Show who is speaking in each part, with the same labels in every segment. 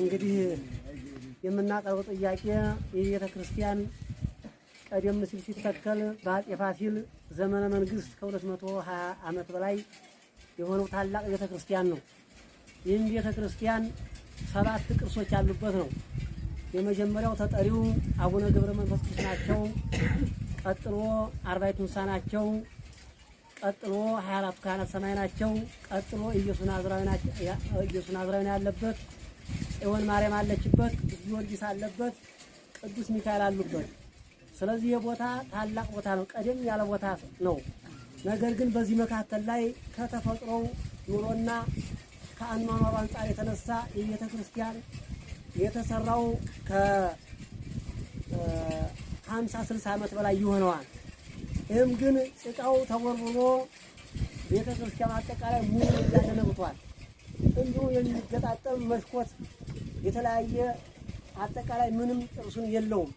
Speaker 1: እንግዲህ የምናቀርበው ጥያቄ የቤተ ክርስቲያን ቀደም ሲል ሲተከል በአፄ ፋሲል ዘመነ መንግስት ከ220 ዓመት በላይ የሆነው ታላቅ ቤተ ክርስቲያን ነው። ይህም ቤተ ክርስቲያን ሰባት ቅርሶች ያሉበት ነው። የመጀመሪያው ተጠሪው አቡነ ገብረ መንፈስ ቅዱስ ናቸው። ቀጥሎ አርባዕቱ እንስሳ ናቸው። ቀጥሎ 24ቱ ካህናተ ሰማይ ናቸው። ቀጥሎ ኢየሱስ ናዝራዊ ያለበት ጽዮን ማርያም አለችበት፣ ቅዱስ ጊዮርጊስ አለበት፣ ቅዱስ ሚካኤል አሉበት። ስለዚህ የቦታ ታላቅ ቦታ ነው፣ ቀደም ያለ ቦታ ነው። ነገር ግን በዚህ መካከል ላይ ከተፈጥሮው ኑሮና ከአኗኗሩ አንጻር የተነሳ የቤተ ክርስቲያን የተሰራው ከሀምሳ ስልሳ ዓመት በላይ ይሆነዋል። ይህም ግን ጭቃው ተቦርብሮ ቤተ ክርስቲያን አጠቃላይ ሙሉ እያደነብቷል። እንዲሁ የሚገጣጠም መስኮት የተለያየ አጠቃላይ ምንም ጥርሱን የለውም።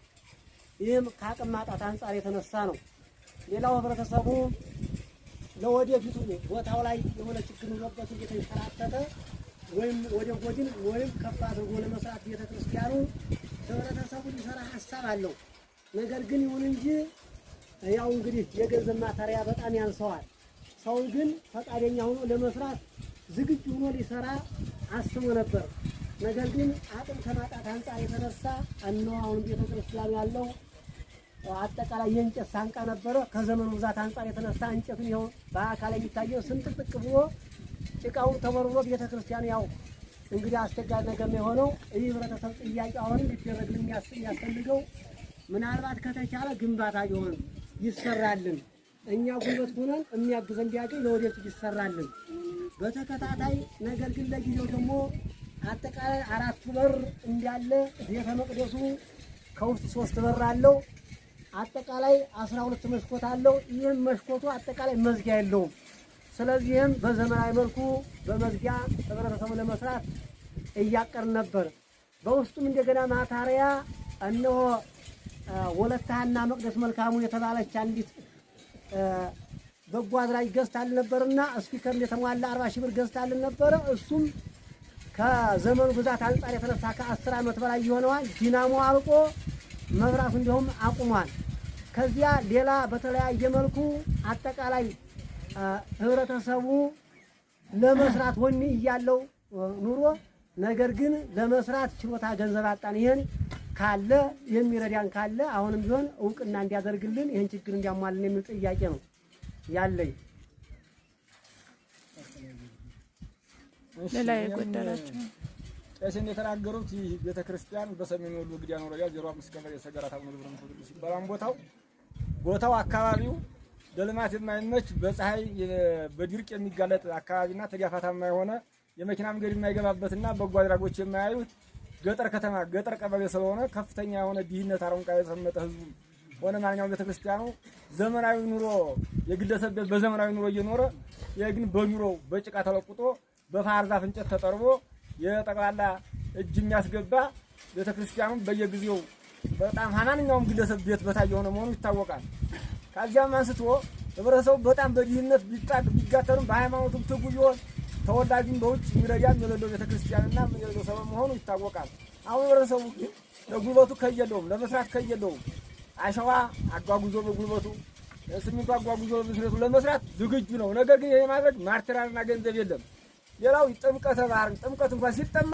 Speaker 1: ይህም ከአቅም ማጣት አንጻር የተነሳ ነው። ሌላው ህብረተሰቡ ለወደፊቱ ቦታው ላይ የሆነ ችግር ኖሮበት እየተንከራተተ ወይም ወደ ጎድን ወይም ከፍ አድርጎ ለመስራት ቤተ ክርስቲያኑ ህብረተሰቡ ሊሰራ ሀሳብ አለው። ነገር ግን ይሁን እንጂ ያው እንግዲህ የገንዘብ ማተሪያ በጣም ያንሰዋል። ሰው ግን ፈቃደኛ ሆኖ ለመስራት ዝግጁ ሆኖ ሊሰራ አስቦ ነበር። ነገር ግን አቅም ከማጣት አንጻር የተነሳ አሁን ቤተ ክርስቲያን ያለው አጠቃላይ የእንጨት ሳንቃ ነበረ። ከዘመኑ ብዛት አንጻር የተነሳ እንጨቱን ይኸው በአካል የሚታየው ስንጥቅጥቅ ብሎ ጭቃውን ተወርሮ ቤተ ክርስቲያን ያው እንግዲህ አስቸጋሪ ነገር የሆነው። ይህ ህብረተሰብ ጥያቄ አሁንም ሊደረግ የሚያስፈልገው ምናልባት ከተቻለ ግንባታ ቢሆንም ይሰራልን፣ እኛ ጉልበት ሆነን የሚያግዘን ቢያገኝ ለወደፊት ይሰራልን በተከታታይ ነገር ግን ለጊዜው ደግሞ አጠቃላይ አራት በር እንዳለ ቤተ መቅደሱ ከውስጥ ሶስት በር አለው። አጠቃላይ አስራ ሁለት መስኮት አለው። ይህም መስኮቱ አጠቃላይ መዝጊያ የለውም። ስለዚህም በዘመናዊ መልኩ በመዝጊያ ህብረተሰቡ ለመስራት እያቀር ነበር። በውስጡም እንደገና ማታሪያ እነሆ ወለታና መቅደስ መልካሙ የተባለች አንዲት በጎ አድራጅ ገዝታልን ነበርና ስፒከር የተሟላ አርባ ሺህ ብር ገዝታልን ነበረ እሱም ከዘመኑ ብዛት አንጻር የተነሳ ከአስር ዓመት በላይ የሆነዋል። ዲናሞ አልቆ መብራቱ እንዲሁም አቁሟል። ከዚያ ሌላ በተለያየ መልኩ አጠቃላይ ህብረተሰቡ ለመስራት ወኒ እያለው ኑሮ ነገር ግን ለመስራት ችሎታ ገንዘብ አጣን። ይህን ካለ የሚረዳን ካለ አሁንም ቢሆን እውቅና እንዲያደርግልን ይህን ችግር እንዲያሟልን የሚል ጥያቄ ነው ያለኝ።
Speaker 2: ሌላ የጎደላቸው ቄስን የተናገሩት ይህ ቤተ ክርስቲያን በሰሜን ወሎ ግዳን ወረዳ ዜሮ አምስት ቀበሌ የሰገራ ታብኖ ግብረ ሲባላም ቦታው ቦታው አካባቢው ለልማት የማይመች በፀሐይ በድርቅ የሚጋለጥ አካባቢና ተዳፋታማ የሆነ የመኪና መንገድ የማይገባበትና በጎ አድራጎች የማያዩት ገጠር ከተማ ገጠር ቀበሌ ስለሆነ ከፍተኛ የሆነ ድህነት አረንቋ የሰመጠ ህዝቡ ሆነ ማንኛውም ቤተክርስቲያኑ ዘመናዊ ኑሮ የግለሰብ በዘመናዊ ኑሮ እየኖረ ይህ ግን በኑሮው በጭቃ ተለቁጦ በፋርዛፍ ዛፍ እንጨት ተጠርቦ የጠቅላላ እጅ የሚያስገባ ቤተክርስቲያኑ በየጊዜው በጣም ማንኛውም ግለሰብ ቤት በታ የሆነ መሆኑ ይታወቃል። ከዚያም አንስቶ ህብረተሰቡ በጣም በድህነት ቢጣቅ ቢጋተርም በሃይማኖቱም ትጉ ቢሆን ተወላጅም በውጭ የሚረዳም የሌለው ቤተክርስቲያንና የሌለው ሰበብ መሆኑ ይታወቃል። አሁን ህብረተሰቡ ግን ለጉልበቱ ከየለውም፣ ለመስራት ከየለውም። አሸዋ አጓጉዞ በጉልበቱ ስሚንቶ አጓጉዞ በመስረቱ ለመስራት ዝግጁ ነው። ነገር ግን ይህ ማድረግ ማርትራልና ገንዘብ የለም። ሌላው ጥምቀተ ባህር ጥምቀት እንኳን ሲጠመቅ